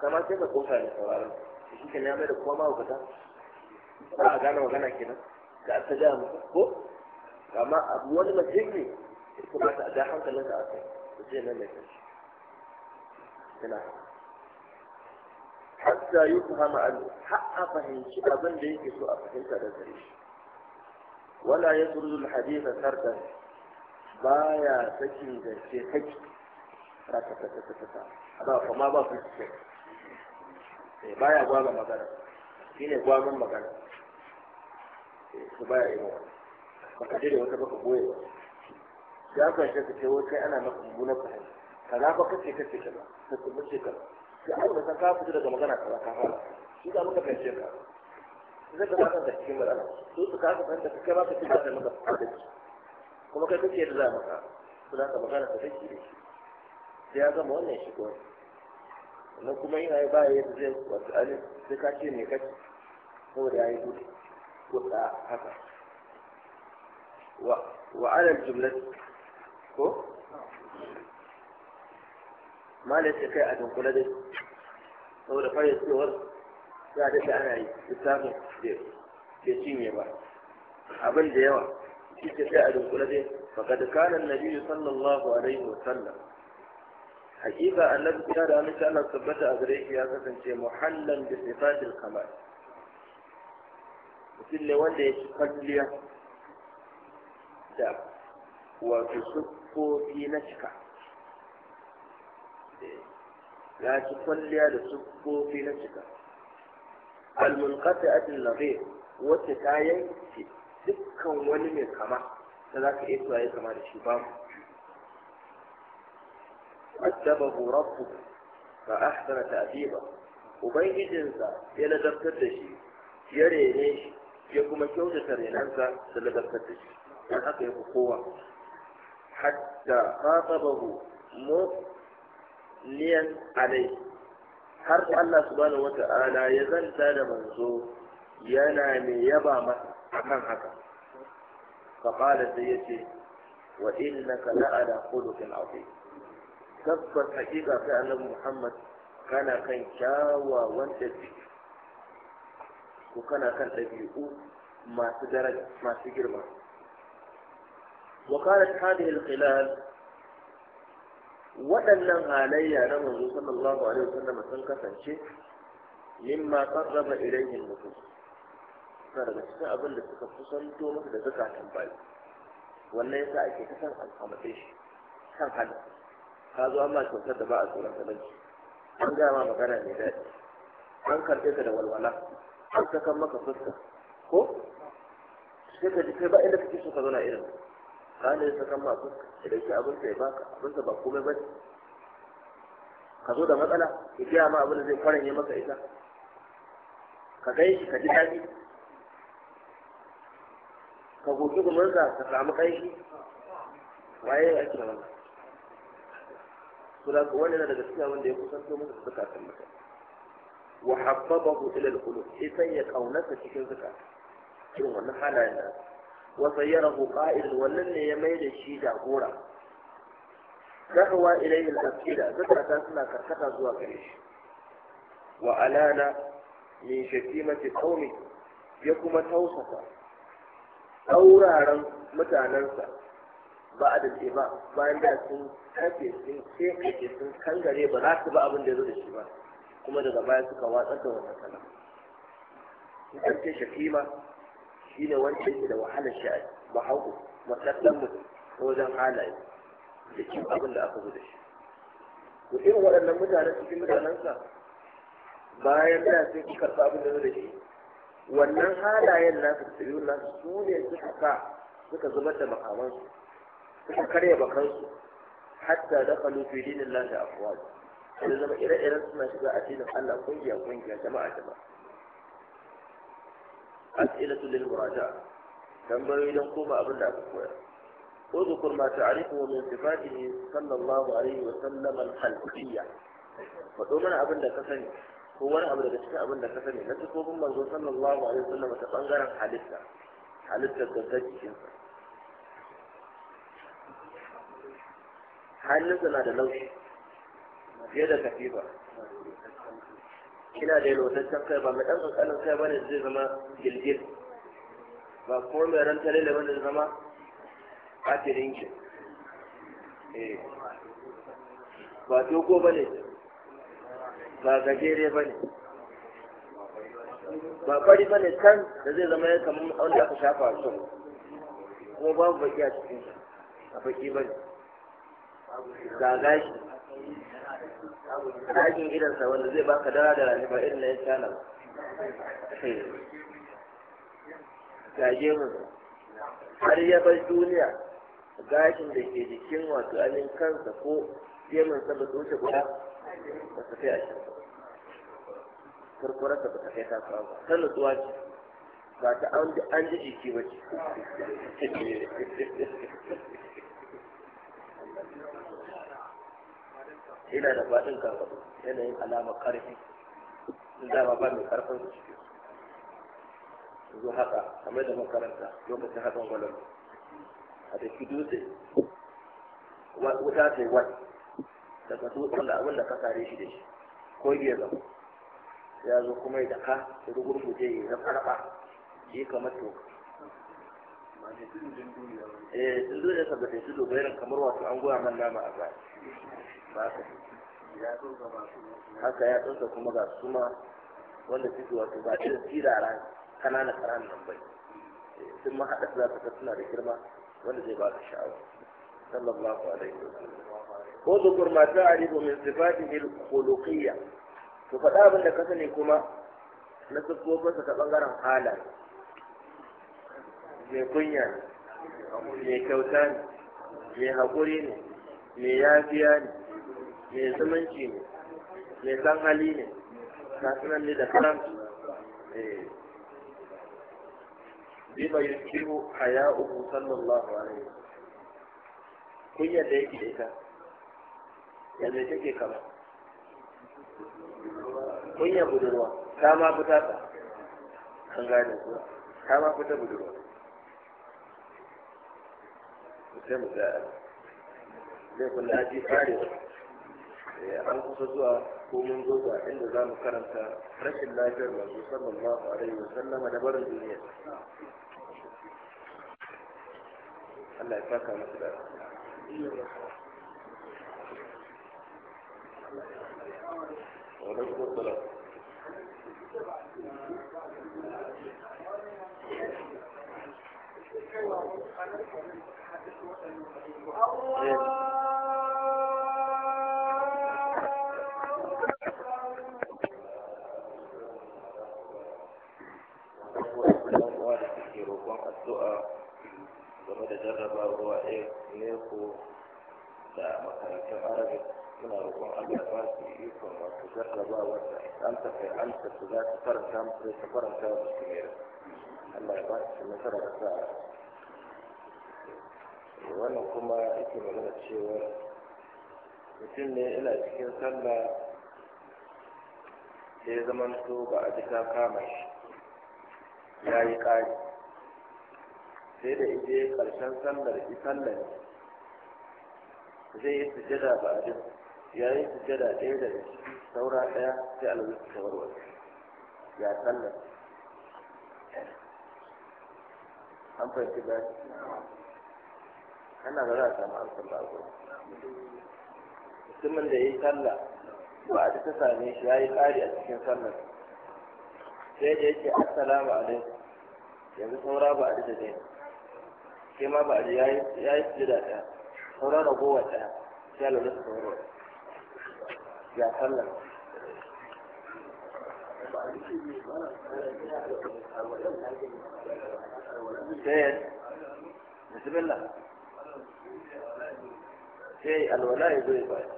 kama sai ka kosa da sauraron shi ke na mai da kuma mahaukata ba a gane magana kenan da aka gaya musu ko amma abu wani mutum ne kuma ta da hankalin ka akai da zai nan mai kashi tana hatta yi fahama an ha'a fahimci abin da yake so a fahimta da gare shi wala ya turu da hadisa sarda baya sakin zance kaki rata ta ta ta ta ba kuma ba su cikin baya gwaba magana shi ne gwaban magana su baya yi mawa baka je da wata baka goye ba ya ka shi ka ce wai kai ana maka ka fahimta kaza ba kace ka ba ka kuma ce kaza sai abu da ka fita daga magana kaza ka fara shi da muka fahimce ka zai ka zaka da cikin matsala su su ka fahimta ka kai ba ka ci da maka kuma kai kake da za maka su za ka magana ka take da shi sai ya zama wannan shi kawai sannan kuma yin ayi baya yadda zai wasu alin sai ka ce mai kaci saboda ya yi gudu kuɗa haka wa alal jumlat ko malai sai kai a dunkule dai saboda fara cewar za a daɗa ana yi lissafin ke cinye ba abin da yawa shi sai a dunkule dai فقد كان النبي صلى الله wa sallam. hakika annabi kira da aminci Allah tabbata a gare shi ya kasance muhallan da sifatil kamal mutum ne wanda ya ci kwalliya da wato siffofi na cika ya ci kwalliya da siffofi na cika almunqati atin labe wacce ta yanki dukkan wani mai kama da za ka iya kama da shi babu عذبه ربه فأحسن تأديبه وبيجنسا يلدفت شيء يرينيش يكما كوجة رينانسا سلدفت شيء من أقيه قوة حتى خاطبه مؤليا عليه har Allah subhanahu wata'ala ya zanta da manzo yana mai yaba masa akan haka fa qala sai yace wa la'ada ko khuluqin azim tabbas hakika sai annabi Muhammad kana kan kyawawan ɗabi'u ko kana kan ɗabi'u masu daraja masu girma وقالت هذه الخلال waɗannan halayya na manzo sallallahu alaihi wasallam sun kasance mimma qarraba ilayhi nufus mutu. daga cikin abin da suka kusanto masa da zakatan bayi wannan yasa ake ta san alhamdai shi kan hali ka zo amma kyautar da ba a tsoron nan an gaya ma magana mai daɗi an karɓe ka da walwala an sakan maka fuska ko sai ka ji kai ba inda kake so ka zauna irin ka ne sakan ma fuska idan ki abinsa ya baka sa ba komai ba ka zo da matsala ya gaya ma abin da zai ne maka ita ka gai ka ji daɗi ka goki gumansa ka samu shi? waye ake wannan to da wani na daga cikin wanda ya kusanto masa da zakatun masa wa habbabahu ila al-qulub sai sanya kaunarsa cikin zakatun irin wannan halayen nan wa sayyarahu qa'idan wannan ne ya mai da shi jagora da'wa ilayhi al-asida zakata suna karkata zuwa gare shi wa alana min shatimati qaumi ya kuma tausasa dauraren mutanensa ba da ba bayan da sun kafe sun kekake sun kangare ba za su ba abin da ya zo da shi ba kuma daga baya suka watsar da wata sana in an ce shakima shine wanda yake da wahalar sha'ai, ba hagu matsatsan mutum ta wajen halaye da cin abin da aka zo da shi to irin waɗannan mutanen cikin mutanensa bayan da sai ku karɓi abin da zo da shi wannan halayen nasu da nasu su ne suka sa suka zubar da makamansu suka karya bakansu hatta da kalu fi dinin da afwaj sai zama ire-iren suna shiga addinin Allah kungiya kungiya jama'a jama'a as'ilatu lil muraja tambayoyi don koma abin da aka koya اذكر ما تعرفه من صفاته صلى الله عليه وسلم الخلقية فدومنا أبن da kasani ko wani abu daga cikin abin da ka sani na sifofin manzo sallallahu alaihi wasallam ta bangaren halitta halittar hannunsa na da laushi fiye da katifa ina da yalwataccen kai ba mai ɗan ƙanƙanin kai bane zai zama gilgil ba kuma mai ran talele bane zai zama ƙafirin ki eh, ba dogo bane ba gajere bane ba fari bane can da zai zama yankan wanda aka shafa a kuma babu baki a cikin a baki bane ga gashi ɗakin gidansa wanda zai baka dara da rani ba irin na yin tana ga gemunsa har ya bar duniya gashin da ke jikin wato anin kansa ko gemunsa ba su wuce guda ba su kai ashirin kurkurarsa ba ta kai ta kawo ba ta nutsuwa ce ba ta an ji jiki ba ce <laughs> yana da faɗin karfafa yanayin alamar ƙarfi in dama ba mai ƙarfin su cikin yanzu haka kamar da makaranta lokacin haɗin gwalon a da ki dutse wuta ta wani daga dutsen da abin da ka tare shi da shi ko iya zama ya zo kuma da ka da je ya zama karɓa shi kamar toka eh sun zo da sabbata su dogayen kamar wato an goya man nama a baya haka ya tsosa kuma ga suma wanda suke wato ba irin tsirara kanana karan nan bai eh, sun ma haɗa za ka suna da girma wanda zai ba su sha'awa sallallahu alaihi wa sallam ko zukur ma ta aribu min sifatihi al-khuluqiyya to faɗa abin da ka sani kuma na siffofinsa ta ɓangaren halaye mai kunya ne mai kyauta ne mai haƙuri ne mai yafiya ne mai zumunci ne mai san hali ne kasuwan ne da karanci eh. bima yunkiru uku sallallahu alaihi kunyar da yake da ita yanzu take kama kunyar budurwa ta ma fita ta an gane su, ta ma fita budurwa sai mu ga zai kula ji karewa an kusa zuwa ko mun zo ga inda za mu karanta rashin lafiyar manzo sallallahu alaihi wa sallama da barin duniya Allah ya saka musu da وعليكم السلام Yeah. addu'a game da jarrabawa ne ko da makarantun arabic muna roƙon allah ba su ikon masu jarrabawa da amsa kai amsa su za su faranta musu su faranta wa musulmai allah ya ba su nasara da sa wannan kuma yake magana cewa mutum ne ina cikin sallah sai zaman so ba a ji ta kama shi ya yi ƙari sai da ita ya karshen sallar isallar zai yi sujada ba a jin ya yi sujada ɗaya da saura ɗaya sai alwis ta warware ya sallar an fahimci ba ana ba a samu an sallar ba mutumin da ya yi sallah ba a ta same shi ya yi ƙari a cikin sallar sai da yake assalamu alaikum yanzu saura ba a da dai sai ma ba a ya yi sujada ɗaya sauran ragowa ɗaya sai a lalata sauran ya sallar sai bismillah sai alwala ya zo ya bayar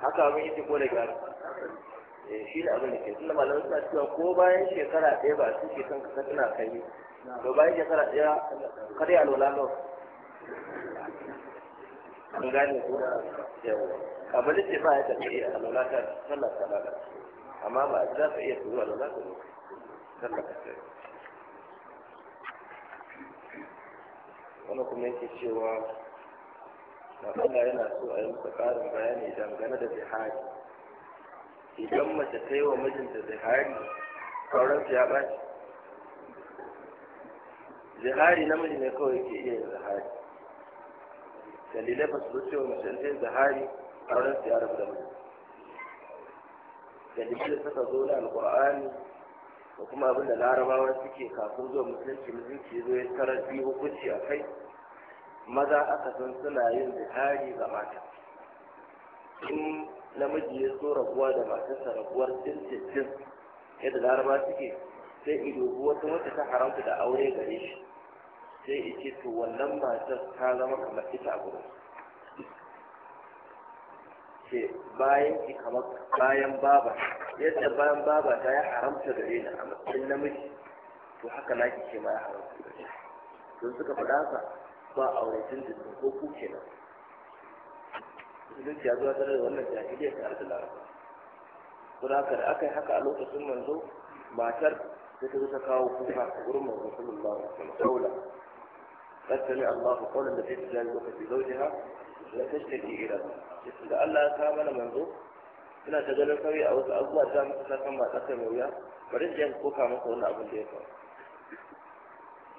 haka abin yake ko da gyara eh, shi ne abin da ke tunda malamai suna cewa ko bayan shekara ɗaya ba su ke son kasa tana kai to yake tsara ɗaya karya alwala lo an gane ko yawa amma da ba ya tafi iya alwala ta sallar ta amma ba za ka iya turuwa alwala ta sallar ta tsaye wani kuma yake cewa Allah yana so a yi masa ƙarin bayani dangane da zihari idan mace ta yi wa mijinta zihari sauransu ya ɓaci zihari namiji ne kawai ke iya yin zihari dalilai ba su zo wa mace ta zihari a wurin su da mutum dalilai da suka zo na alƙur'ani da kuma abin da larabawa suke kafin zuwa musulunci musulunci zo ya tarar biyu hukunci a kai maza aka san suna yin zihari ga mata in namiji ya so rabuwa da matarsa rabuwar cincin yadda larabawa suke sai ido wata wata ta haramta da aure gare shi sai ce to wannan matar ta zama kamar ita a gurin ce bayan ki kamar bayan baba yadda bayan baba ta ya haramta da ni a matsayin namiji to haka na ke ma ya haramta da ni don suka faɗa haka ba aure tun da ko ku kenan musulunci ya zuwa tare da wannan jahiliya ta arzikin laraba kuma haka da aka yi haka a lokacin manzo matar ta zo ta kawo kuka a gurin manzo sallallahu alaihi wasallam قد سمع الله قول التي تجاوز في زوجها لا تشتكي إلى الله لألا كامل منذ ina ta ganin kawai a wasu abubuwa da muka san kan ba tsakar mai wuya bari jiyan koka maka wani abin da ya faru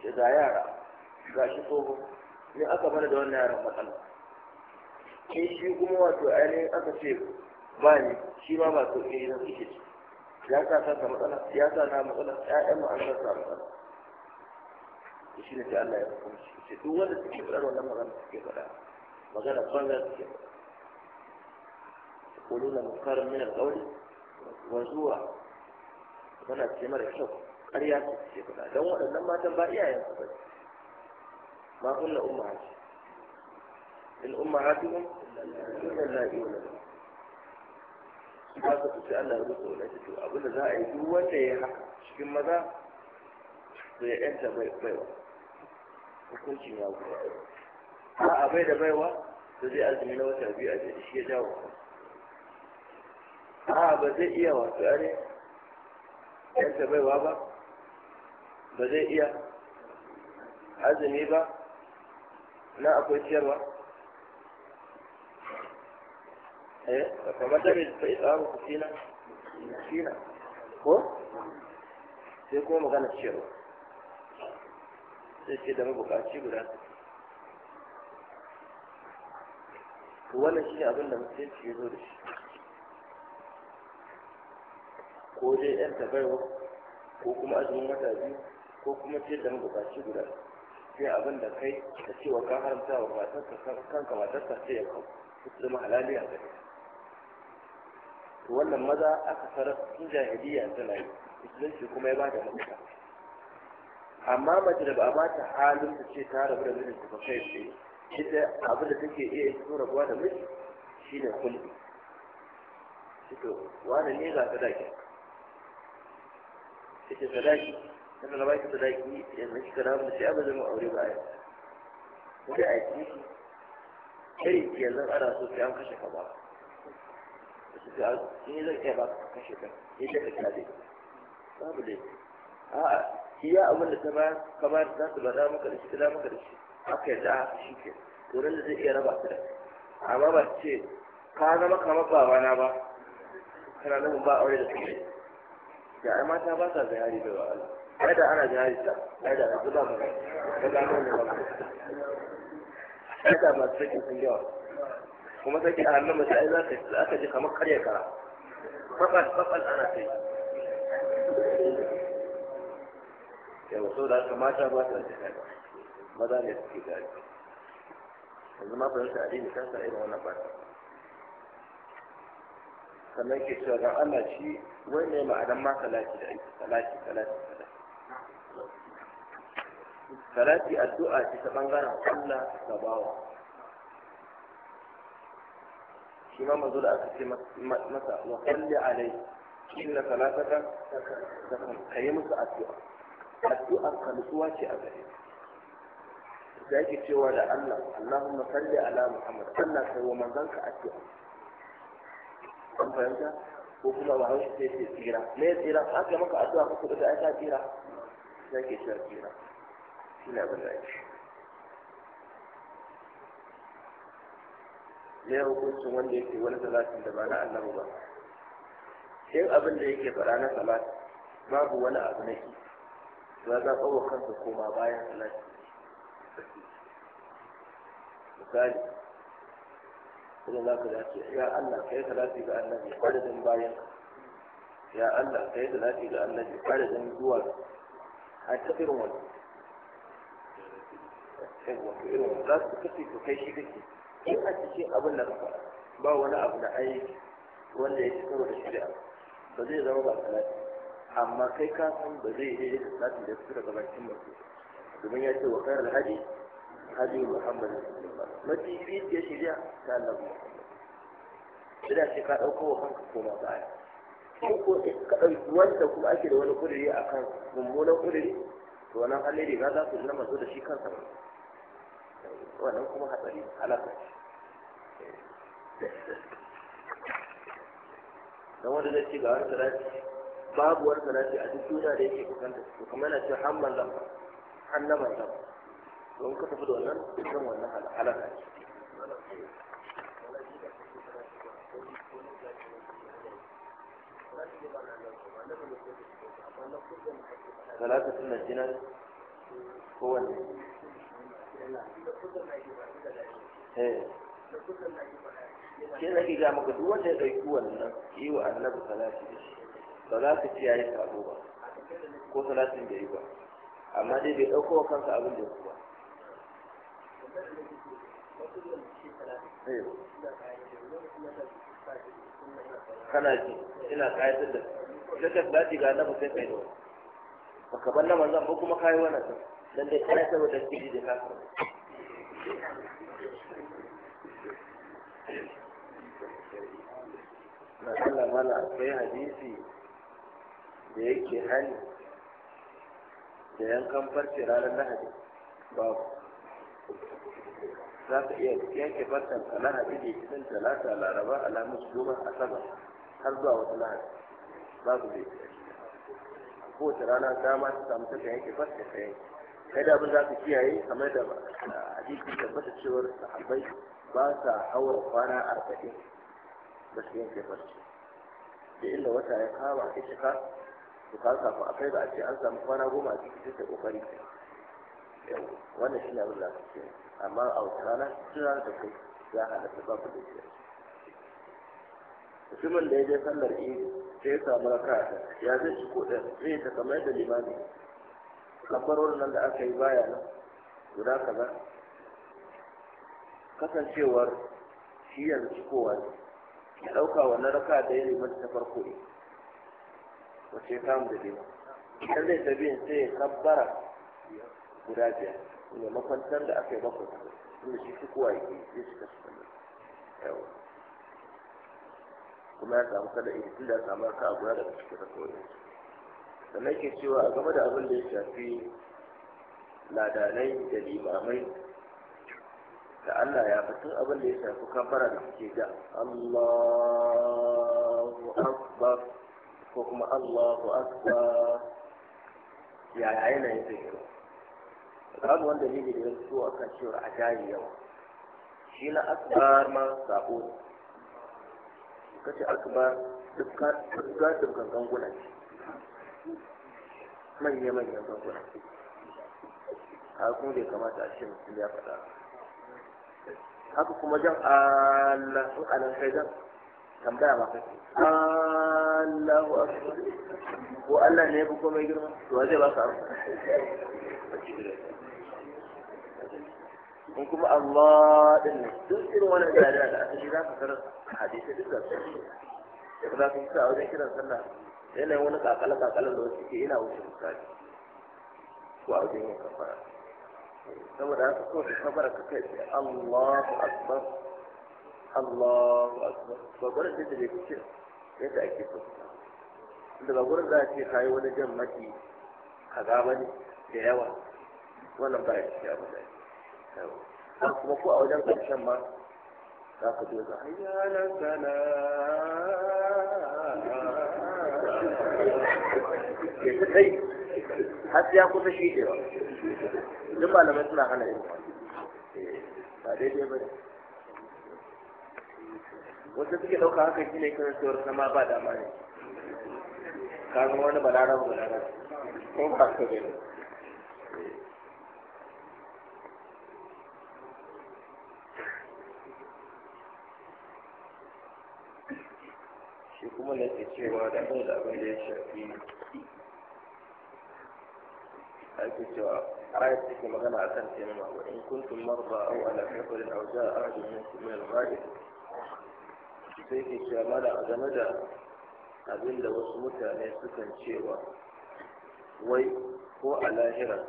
da ga yara ga shi tsoho ne aka bada da wannan yaran matsala ke shi kuma wato ainihin aka ce ba ne shi ma ba so ke yi na suke ci ya sa ta matsala ya sa na matsala ya'yan mu an matsala يشيل في الله يحكم شيء شيء دول تجيب له ولا ما غنت كيف لا ما غنا قال يقولون مكار من الغول وزوع غنا تمر يشوف أريات كيف لا لو لما تنبع يا يا صبي ما قلنا أمهات الأمهاتهم إلا لا يولد ما قلت في الله رسول الله جل وعلا أقول لها أي دوة يا حكم شكل ماذا؟ أنت بيوت hukunci ya guda a abai da baiwa da zai azumi na wata biyu a jiri shi ya jawo a ba zai iya wato are yanta baiwa ba ba zai iya azumi ba na akwai ciyarwa eh kamar da bai fa'i tsawon kusina ko sai kuma magana ciyarwa sai ce da mabukaci guda ku wannan shi ne abin da musulunci ya zo da shi ko dai yan tabarwa ko kuma azumin wata biyu ko kuma ce da mabukaci guda sai abin da kai ka ce wa ka haramta wa matarka kanka matarka sai ya kawo su zama halali a gari. to wannan maza aka sarar sun jahiliya tana yi musulunci kuma ya ba da mafita amma mace da ba a mata halin da ce ta rabu da mijinta ba kai tsaye ita abin da take iya yin rabuwa da miji shine kulli to wani ne ga sadaki ita sadaki tana da baki sadaki yanzu kika na mu sai abin da mu aure ba ai sai a yi kai yanzu ana so sai an kashe ka ba ni zan kai ba ka kashe ka ita ka kade babu dai a'a iya abin da ta ba za su bada maka da shi ta maka da shi aka shi ke wurin da zai iya raba su da amma ba ce ka zama kamar babana ba kana nufin ba aure da kai da ai mata ba sa zahari da wa'ala da ana zahari ta yadda da zuba ba mu ba mu ne ba yadda masu sakin sun yawa kuma sake a hannun mace ai za ka ji kamar karya kara faɗa faɗa ana sai yau so da aka mata ba su da ba, maza ne suke gari yanzu ma fahimta addini kan sa irin wannan bata sannan ke cewa don Allah shi wai ne ma'adan ma salati da aiki salati salati salati addu'a ce ta bangaren Allah da bawa shi ma mazo da aka ce masa wa salli alai inna salataka ka yi musu addu'a addu'ar ka nutsuwa ce a gare da yake cewa da Allah Allahumma salli ala Muhammad Allah kai wa manzanka addu'a an fahimta ko kuma ba hausa sai sai tsira me tsira ka aka maka addu'a ka kuɗa da aka tsira da yake cewa tsira shi ne abin da yake ne hukuncin wanda yake wani salatin da ba na Allah ba Yin abin da yake faɗa na salat babu wani abu na ki ya zaɓar wa kanta koma bayan salati misali kuma za ka dace ya Allah kai salati ga annabi zan bayan ya Allah kai salati ga annabi adadin zuwa a ta irin wani wato irin wani za su kace to kai shi kake in a cikin abin da ka ba wani abu da aiki wanda ya ci karo da shari'a ba zai zama ba salati amma kai ka san ba zai yi da sati da su daga bakin mutum domin ya ce wa kayar alhaji hadi muhammad mafi fi ya shirya ta annabi muhammad ina ce ka ɗauko wa kanka koma baya ko ka ɗauki wanda kuma ake da wani ƙudiri a kan mummunan ƙudiri to wannan hali ba za su zama zo da shi kansa ba wannan kuma hatsari halaka ce dan wanda zai ci ga wani tsiraci باب ورثنا في أدوشونا ليكي كنت وكمان أتحمل لهم حنما لهم وانك تفضل لنا بكم وانها على ثلاثة من الجنال هو إيه. كيف نجي جامعة دوا نجي دوا نجي دوا نجي دوا نجي دوا نجي دوا نجي ba za ka ya yi sabo ba ko salatin da yi ba amma dai bai ɗauko wa kansa abin da ya ba eh. kana ji ina kayatar da ita da ji ga annabi sai kai ne ba baka bar na ba kuma kai wannan sai dan dai kana saboda da kiji da kasa na Allah mala akwai hadisi da yake hani da yankan farce ranar lahadi babu za ka iya yanke farcen ka lahadi da cikin talata laraba alamus goma asabar har zuwa wata lahadi babu zai a kowace rana dama ta samu ta yanke farce ka yanke kai da abin za ka kiyaye kamar da hadisi tabbata cewar sahabbai ba sa hawa kwana arba'in ba su yanke farce da inda wata ya kama ita ka to ka samu a kai da a ce an samu kwana goma a cikin sai kokari wannan shi ne abin da ake amma a wata rana kira da kai ya halatta ba ku da shi mutumin da ya je sallar idi sai ya samu raka ya zai ci kuɗin zai ta kamar da limani kabbarorin nan da aka yi baya nan guda kaza kasancewar shi yanzu cikowa ne ya ɗauka wannan raka da ya limanta ta farko ne wace ya samu da biyu idan zai tabi sai ya kabbara guda biyar ne makwantar da aka yi bakwai inda shi shi kuwa yake ya shiga su kalli yawa kuma ya samu kada iri tun da samu ka guda daga cikin rakoyin sannan ke cewa a game da abin da ya shafi ladanai da limamai da Allah ya fitin abin da ya shafi kafara da suke ga Allahu Akbar ko kuma Allahu akbar ya yanayin zikirin babu wanda ne da ya so a kan cewa a jari yawa shi na akbar ma sabo ne kace akbar duk gadin gangan guna ce manya-manyan ganguna a kuma bai kamata a ce mutum ya faɗa haka kuma jan Allah in anan kai jan tambaya ma kake Allahu akbar ko Allah ne ya fi komai girma to zai ba ka in kuma Allah din ne duk irin wannan jariya da aka shi za ka karar hadisi duk da su da za ka yi sa wajen kiran sallah yanayin wani kakala kakala da wasu ke yana wuce misali ko a wajen yin kafara saboda haka ko ka kafara ka kai sai Allahu akbar Allahu akbar ba gwada da da ke yadda ake so inda ba gurin za a ce ka yi wani jan maki a ba ne da yawa wannan ba ya ce abu da ya kuma ko a wajen ƙarshen ma za ka zo ga hayyana sana ya ta kai har ya kusa shi ne ba duk malamai suna hana yin eh, ba daidai ba ne wasu suke ɗauka haka shi ne kan cewar sama ba dama ne Kano wani balaran balaran ko ba ka ne? shi kuma na ke cewa da abin da abin da ya shafi ake cewa ayat take magana akan tenuma wa in kuntum marba aw ala safarin aw jaa ahadun minkum min al-ghaib sai ke cewa a game da abin da wasu mutane sukan cewa wai ko a lahira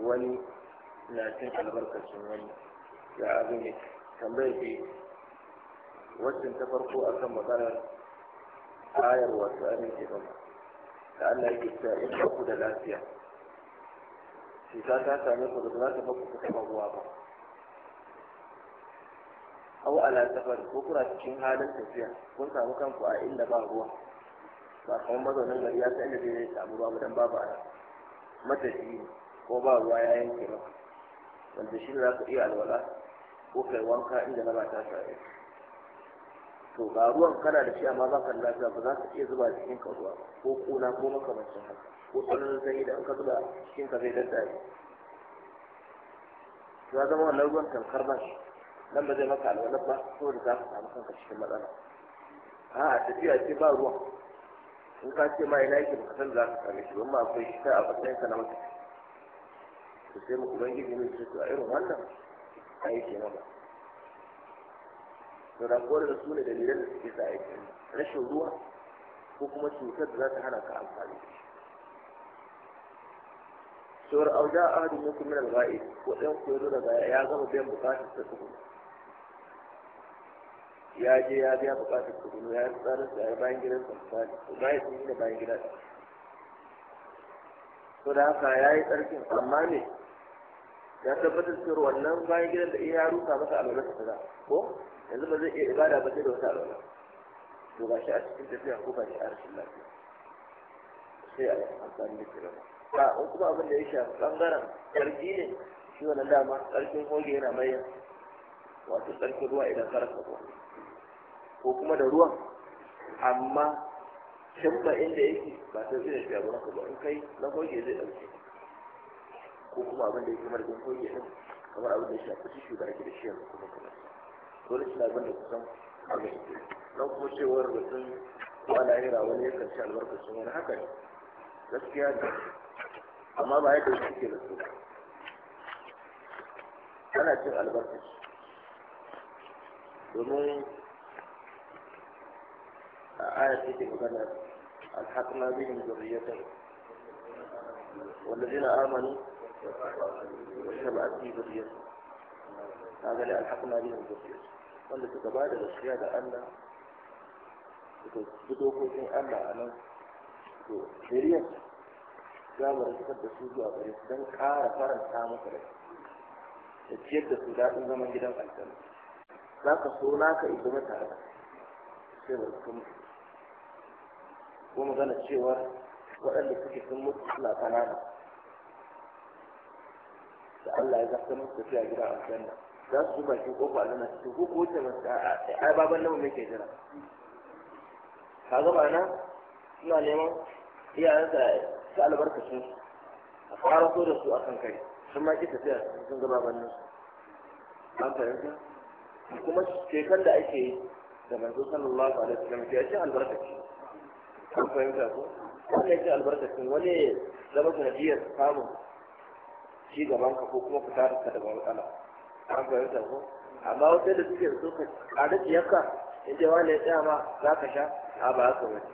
wani na cin albarkacin wani ya abin ne tambayar ke wacin ta farko a kan maganar ayar wasu abin ke gama da Allah yake cewa in ku da lafiya shi ta same ku da za ta ba ku ruwa ba au ala safar ko kuna cikin halin tafiya kun samu kanku a inda ba ruwa ba kamar mazaunin gari ya san inda zai samu ruwa ba dan babu ana matafi ko ba ruwa ya yanke ba wanda shi ne za ka iya alwala ko kai wanka inda na ba ta sare to ga ruwan kana da shi amma ba ka da lafiya ba za ka iya zuba cikin ka ruwa ko kuna ko makamancin haka ko tsananin sanyi da an ka zuba cikin ka zai daddaye ya zama wannan ruwan tamkar ba shi nan ba zai maka alwalar ba da za ka samu kanka cikin matsala a tafiya ce ba ruwa in ka ce ma ina yake baka san za ka same shi don ma akwai shi ta a matsayin ka na mata to sai muku ubangiji ne su a irin wannan a yake maka to da kowar da su ne dalilan da suke sa aiki rashin ruwa ko kuma cutar da za ta hana ka amfani da shi shawar auja ahadin minkum min ba'a ghaib ko ɗan koyo daga ya gama biyan bukatar ta tukuna ya je ya biya bukatar kudu ya yi da ya bayan gidan misali to bayan sun yi da bayan gida to da haka ya yi tsarkin amma ne ya tabbatar cewa wannan bayan gidan da iya ruka masa alwala ta za ko yanzu ba zai iya ibada ba sai da wata alwala to ba shi a cikin tafiya ko ba shi a rashin lafiya sai a yi amfani da kira ba in kuma abin da ya shafi bangaren tsarki ne shi wannan dama tsarkin hoge yana mayan wato tsarkin ruwa idan karasa ruwa ko kuma da ruwan amma can inda yake ba sai zai shiga ba ko ba in kai na goge zai dauke ko kuma abin da yake mara gun goge din kamar abin da ya shafi tishu da ake da shi yanzu kuma kamar dole shi abin da kusan abin da dan kuma cewar batun ko a lahira wani ya kanci albarkacin wani haka ne gaskiya ne amma ba yadda ke da su ana cin albarkaci domin ayar take magana alhaqna bihim zurriyatan wallazina amanu wa tabi'at zurriyatan kaga da alhaqna bihim zurriyatan wanda suka bada gaskiya da Allah suka bi dokokin Allah a nan to zuriyar za mu rikar da su zuwa gare su don ƙara faranta masa rai da ciyar da su daɗin zaman gidan aljanna za ka so naka izuma tare da sai mu ko magana cewa waɗanda suke sun mutu suna kanana da Allah ya zafta musu tafiya gida a aljanna za su zuba shi kofa a cikin ko ko ce masu ai baban nan mai ke jira Ka zama na suna neman iyayensa su albarkacin su a fara so da su akan kai sun ma ki tafiya sun gaba nan su an fahimta kuma shekar da ake yi da manzo sallallahu alaihi wasallam ya ce albarkaci an fahimta ko wanda ya yake albarkacin wani ya zama sanadiyar samun ci gaban ka ko kuma fita ka daga matsala an fahimta ko amma wata da suke so ka ƙara ciyarka in dai wani ya tsaya ma za ka sha a ba haka wani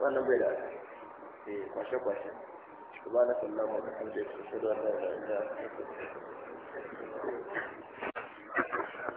wannan bai da asali kwashe-kwashe سبحانك اللهم وبحمدك اشهد ان لا اله الا انت